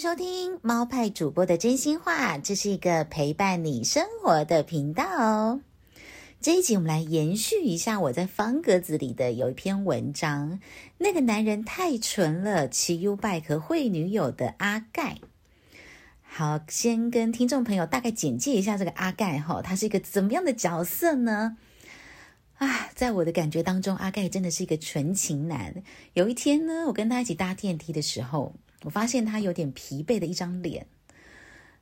收聽貓派主播的真心話，這是一個陪伴你生活的頻道哦。這一集我們來延續一下我在方格子裡的有一篇文章，那個男人太純了，騎 U 拜和會女友的阿蓋。好，先跟聽眾朋友大概簡介一下這個阿蓋哈、哦，他是一個怎麼樣的角色呢？啊，在我的感覺當中，阿蓋真的是一個純情男。有一天呢，我跟他一起搭電梯的時候。我發現他有點疲憊的一張臉，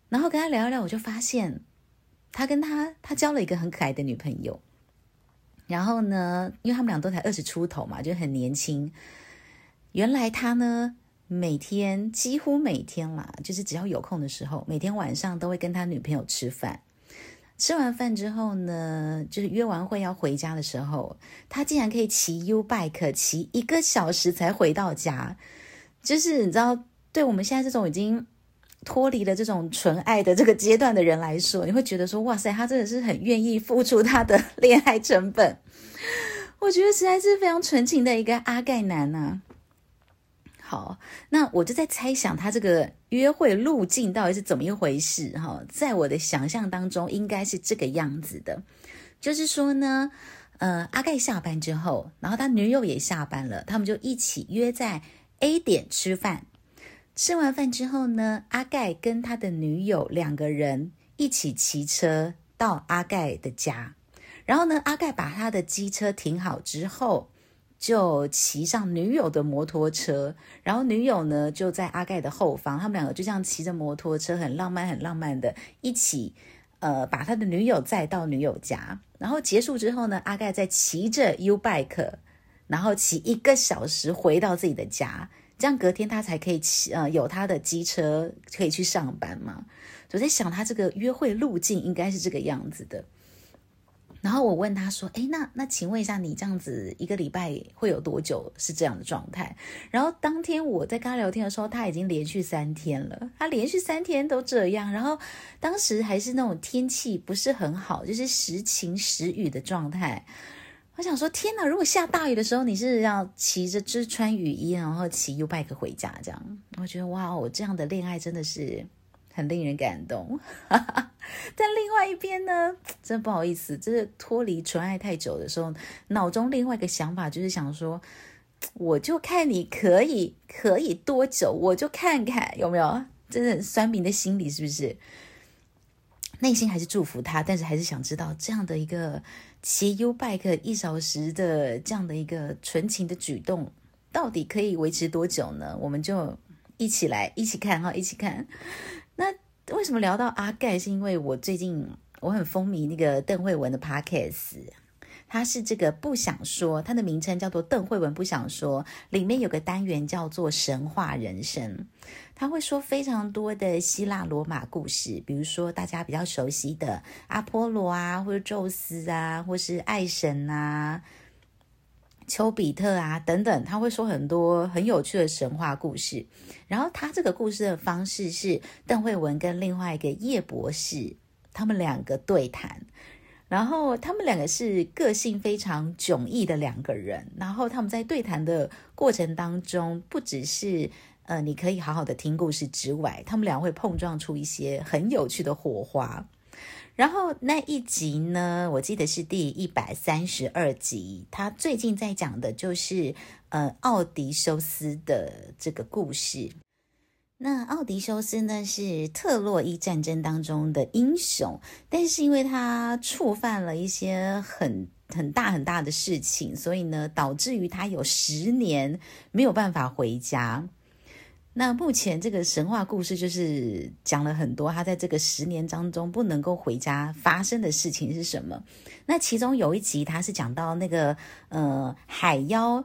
然後跟他聊一聊，我就發現他跟他他交了一個很可愛的女朋友。然後呢，因為他們倆都才二十出頭嘛，就很年輕。原來他呢，每天幾乎每天啦，就是只要有空的時候，每天晚上都會跟他女朋友吃飯。吃完飯之後呢，就是約完會要回家的時候，他竟然可以騎 YouBike 騎一個小時才回到家，就是你知道。對我們現在這種已經脫離了這種純愛的這個階段的人來說，你會覺得說：“哇塞，他真的是很願意付出他的戀愛成本。”我覺得實在是非常純情的一個阿蓋男吶啊。好，那我就在猜想他這個約會路徑到底是怎麼一回事哈？在我的想象當中，應該是這個樣子的，就是說呢，呃，阿蓋下班之後，然後他女友也下班了，他們就一起約在 A 點吃飯。吃完飯之後呢，阿蓋跟他的女友兩個人一起騎車到阿蓋的家。然後呢，阿蓋把他的機車停好之後，就騎上女友的摩托車。然後女友呢就在阿蓋的後方，他們兩個就這樣騎着摩托車，很浪漫，很浪漫的，一起呃把他的女友載到女友家。然後結束之後呢，阿蓋再騎着 U-Bike，然後騎一個小時回到自己的家。這樣隔天他才可以騎，呃,有他的機車可以去上班嘛，我在想他這個約會路徑應該是這個樣子的。然後我問他說，哎,那那請問一下你這樣子一個禮拜會有多久是這樣的狀態？然後當天我在跟他聊天的時候，他已經連續三天了，他連續三天都這樣。然後當時還是那種天氣不是很好，就是時晴時雨的狀態。我想說，天哪！如果下大雨的時候，你是要騎着只穿雨衣，然後騎 U-Bike 回家，這樣。我覺得哇哦，我這樣的戀愛真的是很令人感動。 但另外一邊呢，真不好意思，就是脫離純愛太久的時候，腦中另外一個想法就是想說，我就看你可以可以多久，我就看看有沒有。真的很酸民的心理是不是？內心還是祝福他，但是還是想知道這樣的一個。騎 U Bike 一小時的這樣的一個純情的舉動，到底可以維持多久呢？我們就一起來一起看哈、哦，一起看。那為什麼聊到阿蓋？是因為我最近我很風靡那個鄧惠文的 Podcast。他是這個不想說，他的名稱叫做鄧惠文不想說。裡面有個單元叫做神話人生，他會說非常多的希臘羅馬故事，比如說大家比較熟悉的阿波羅啊，或者宙斯啊，或是愛神啊、丘比特啊等等，他會說很多很有趣的神話故事。然後他這個故事的方式是鄧惠文跟另外一個葉博士他們兩個對談。然後他們兩個是個性非常迥異的兩個人，然後他們在對談的過程當中，不只是呃你可以好好的聽故事之外，他們兩個會碰撞出一些很有趣的火花。然後那一集呢，我記得是第一百三十二集，他最近在講的就是呃《奧迪修斯》的這個故事。那奧迪修斯呢，是特洛伊戰爭當中的英雄，但是因為他觸犯了一些很很大很大的事情，所以呢導致於他有十年沒有辦法回家。那目前這個神話故事就是講了很多他在這個十年當中不能夠回家發生的事情是什麼？那其中有一集他是講到那個呃海妖。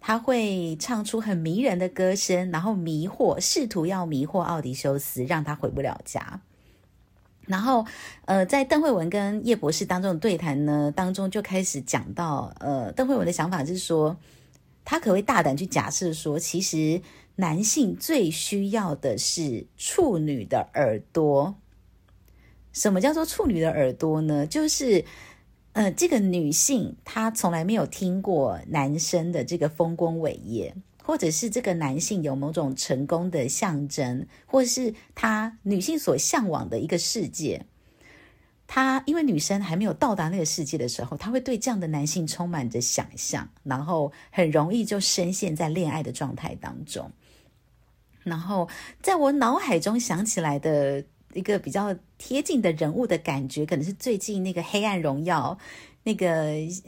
他會唱出很迷人的歌聲，然後迷惑，試圖要迷惑奧迪修斯，讓他回不了家。然後，呃，在鄧惠文跟葉博士當中的對談呢當中，就開始講到，呃，鄧惠文的想法是說，他可以大膽去假設說，其實男性最需要的是處女的耳朵。什麼叫做處女的耳朵呢？就是。呃，這個女性她從來沒有聽過男生的這個豐功偉業，或者是這個男性有某種成功的象徵，或是她女性所嚮往的一個世界。她因為女生還沒有到達那個世界的時候，她會對這樣的男性充滿着想象，然後很容易就深陷在戀愛的狀態當中。然後在我腦海中想起來的。一個比較貼近的人物的感覺，可能是最近那個《黑暗榮耀》那個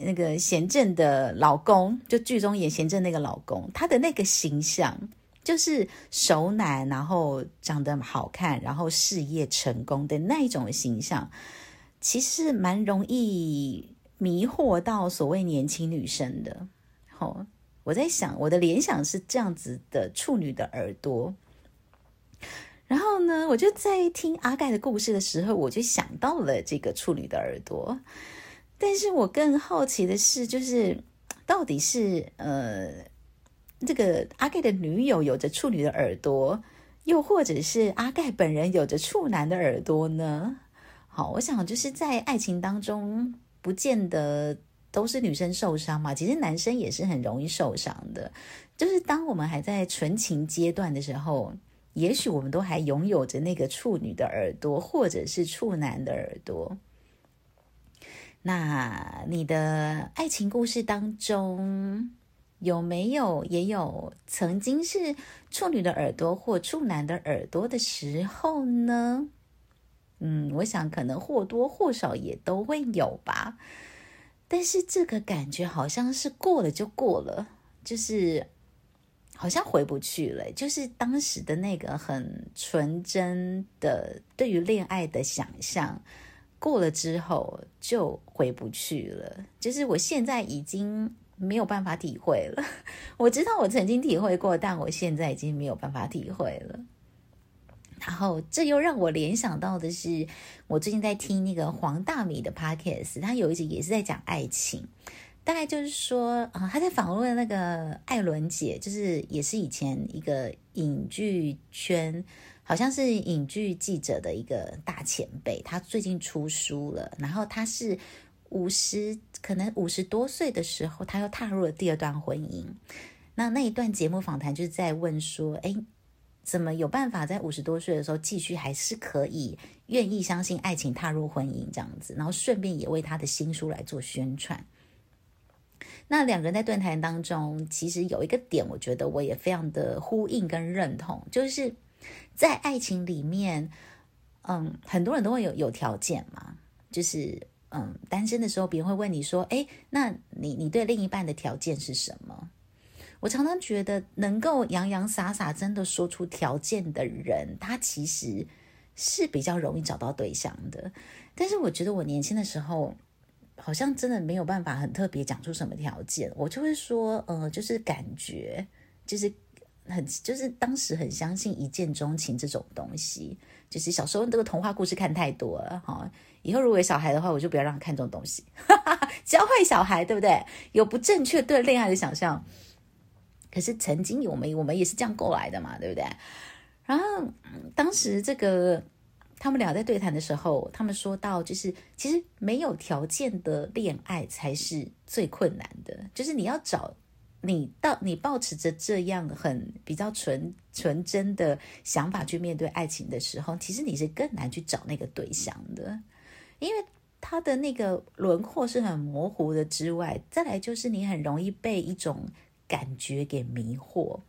那個賢政的老公，就劇中演賢政那個老公，他的那個形象，就是熟男，然後長得好看，然後事業成功的那一種形象，其實蠻容易迷惑到所謂年輕女生的。吼，我在想，我的聯想是這樣子的：處女的耳朵。然後呢，我就在聽阿蓋的故事的時候，我就想到了這個處女的耳朵。但是我更好奇的是，就是到底是呃，這個阿蓋的女友有着處女的耳朵，又或者是阿蓋本人有着處男的耳朵呢？好，我想就是在愛情當中，不見得都是女生受傷嘛，其實男生也是很容易受傷的。就是當我們還在純情階段的時候。也許我們都還擁有着那個處女的耳朵，或者是處男的耳朵。那你的愛情故事當中，有沒有也有曾經是處女的耳朵或處男的耳朵的時候呢？嗯，我想可能或多或少也都會有吧。但是這個感覺好像是過了就過了，就是。好像回不去了，就是當時的那個很純真的對於戀愛的想象，過了之後就回不去了。就是我現在已經沒有辦法體會了。我知道我曾經體會過，但我現在已經沒有辦法體會了。然後這又讓我聯想到的是，我最近在聽那個黃大米的 podcast，他有一集也是在講愛情。大概就是說，啊、哦，他在訪問那個艾倫姐，就是也是以前一個影劇圈，好像是影劇記者的一個大前輩。他最近出書了，然後他是五十，可能五十多歲的時候，他又踏入了第二段婚姻。那那一段節目訪談就是在問說，哎，怎麼有辦法在五十多歲的時候繼續還是可以願意相信愛情，踏入婚姻這樣子，然後順便也為他的新書來做宣傳。那兩個人在對談當中，其實有一個點，我覺得我也非常的呼應跟認同，就是在愛情裡面，嗯，很多人都會有有條件嘛，就是嗯，單身的時候，別人會問你說，誒，那你你對另一半的條件是什麼？我常常覺得能夠洋洋灑灑真的說出條件的人，他其實是比較容易找到對象的。但是我覺得我年輕的時候，好像真的沒有辦法很特別講出什麼條件，我就會說，呃，就是感覺，就是很，就是當時很相信一見鍾情這種東西，就是小時候這個童話故事看太多了哈。以後如果有小孩的話，我就不要讓他看這種東西， 教壞小孩，對不對？有不正確對戀愛的想象。可是曾經有我們，我們也是這樣過來的嘛，對不對？然後、嗯、當時這個。他們倆在對談的時候，他們說到，就是其實沒有條件的戀愛才是最困難的。就是你要找你到你抱持着這樣很比較純純真的想法去面對愛情的時候，其實你是更難去找那個對象的，因為他的那個輪廓是很模糊的，之外，再來就是你很容易被一種感覺給迷惑。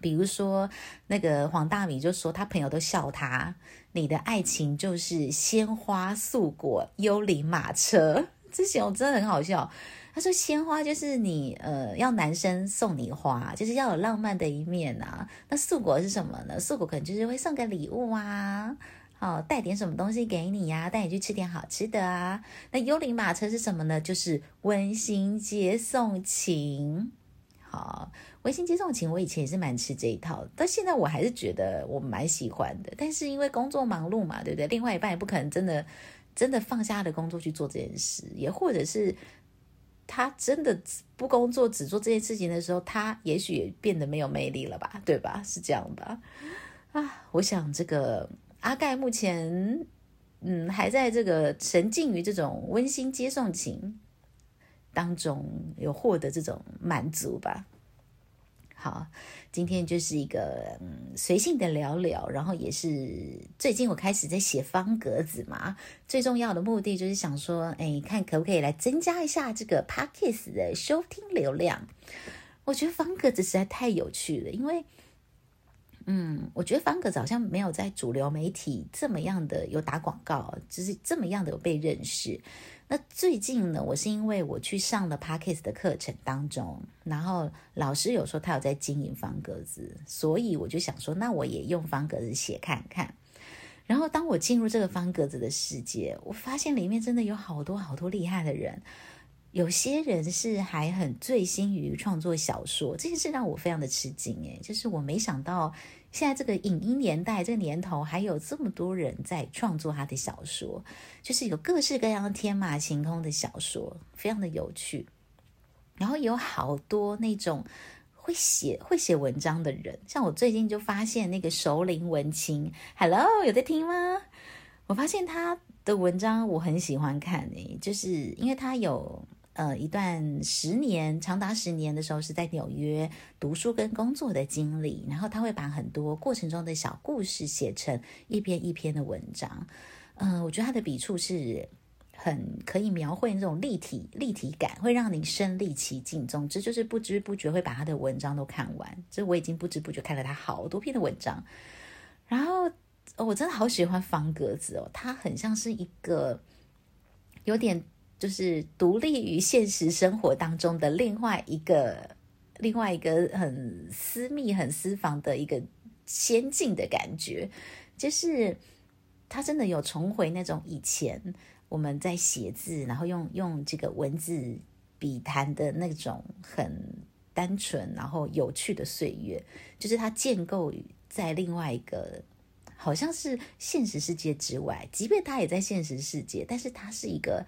比如說，那個黃大米就說他朋友都笑他，你的愛情就是鮮花、素果、幽靈馬車。之前我真的很好笑。他說鮮花就是你，呃，要男生送你花，就是要有浪漫的一面啊。那素果是什麼呢？素果可能就是會送個禮物啊，哦，帶點什麼東西給你呀、啊，帶你去吃點好吃的啊。那幽靈馬車是什麼呢？就是溫馨接送情。好，溫馨接送情，我以前也是蠻吃這一套，但現在我還是覺得我蠻喜歡的。但是因為工作忙碌嘛，對不對？另外一半也不可能真的真的放下他的工作去做這件事，也或者是他真的不工作只做這件事情的時候，他也許也變得沒有魅力了吧，對吧？是這樣吧。啊，我想這個阿蓋目前嗯還在這個沉浸於這種溫馨接送情。當中有獲得這種滿足吧。好，今天就是一個嗯隨性的聊聊，然後也是最近我開始在寫方格子嘛，最重要的目的就是想說，哎，看可不可以來增加一下這個 Podcast 的收聽流量。我覺得方格子實在太有趣了，因為嗯，我覺得方格子好像沒有在主流媒體這麼樣的有打廣告，就是這麼樣的有被認識。那最近呢，我是因為我去上了 Podcast 的課程當中，然後老師有說他有在經營方格子，所以我就想說，那我也用方格子寫看看。然後當我進入這個方格子的世界，我發現裡面真的有好多好多厲害的人，有些人是還很醉心於創作小說，這件事讓我非常的吃驚哎，就是我沒想到。現在這個影音年代，這個年頭還有這麼多人在創作他的小說，就是有各式各樣的天馬行空的小說，非常的有趣。然後有好多那種會寫會寫文章的人，像我最近就發現那個熟齡文青，Hello，有在聽嗎？我發現他的文章我很喜歡看誒，就是因為他有。呃，一段十年，長達十年的時候是在紐約讀書跟工作的經歷，然後他會把很多過程中的小故事寫成一篇一篇的文章。嗯、呃，我覺得他的筆觸是很可以描繪那種立體立體感，會讓你身臨其境。總之就是不知不覺會把他的文章都看完。這我已經不知不覺看了他好多篇的文章。然後、哦、我真的好喜歡方格子哦，它很像是一個有點。就是獨立於現實生活當中的另外一個、另外一個很私密、很私房的一個仙境的感覺，就是他真的有重回那種以前我們在寫字，然後用用這個文字筆談的那種很單純、然後有趣的歲月。就是他建構在另外一個，好像是現實世界之外，即便他也在現實世界，但是他是一個。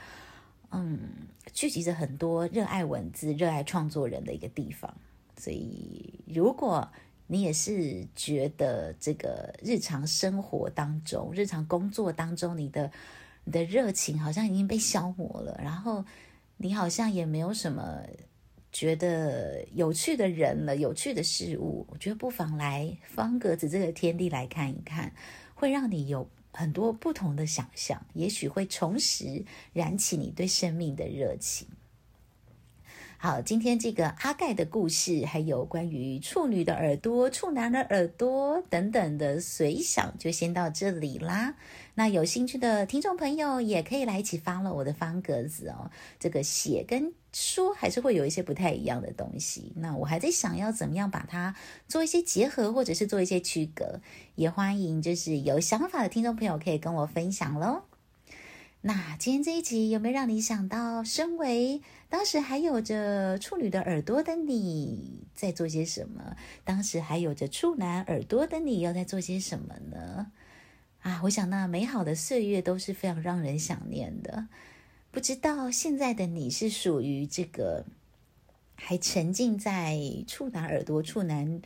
嗯，聚集着很多熱愛文字、熱愛創作人的一個地方。所以，如果你也是覺得這個日常生活當中、日常工作當中，你的你的熱情好像已經被消磨了，然後你好像也沒有什麼覺得有趣的人了、有趣的事物，我覺得不妨來方格子這個天地來看一看，會讓你有。很多不同的想象，也許會重拾，燃起你對生命的熱情。好，今天這個阿蓋的故事，還有關於處女的耳朵、處男的耳朵等等的隨想，就先到這裡啦。那有興趣的聽眾朋友，也可以來一起 follow 我的方格子哦。這個寫跟說還是會有一些不太一樣的東西。那我還在想要怎麼樣把它做一些結合，或者是做一些區隔，也歡迎就是有想法的聽眾朋友可以跟我分享嘍。那今天這一集有沒有讓你想到，身為當時還有着處女的耳朵的你，在做些什麼？當時還有着處男耳朵的你又在做些什麼呢？啊，我想那美好的歲月都是非常讓人想念的。不知道現在的你是屬於這個還沉浸在處男耳朵、處男，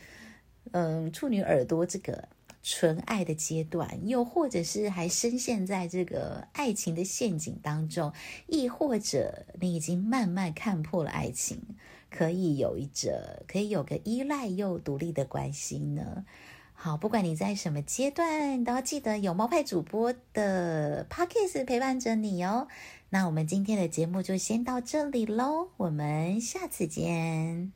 嗯，處女耳朵這個。純愛的階段，又或者是還深陷在這個愛情的陷阱當中，亦或者你已經慢慢看破了愛情，可以有一者，可以有個依賴又獨立的關係呢？好，不管你在什麼階段，都要記得有貓派主播的 Podcast 陪伴着你哦。那我們今天的節目就先到這裡嘍，我們下次見。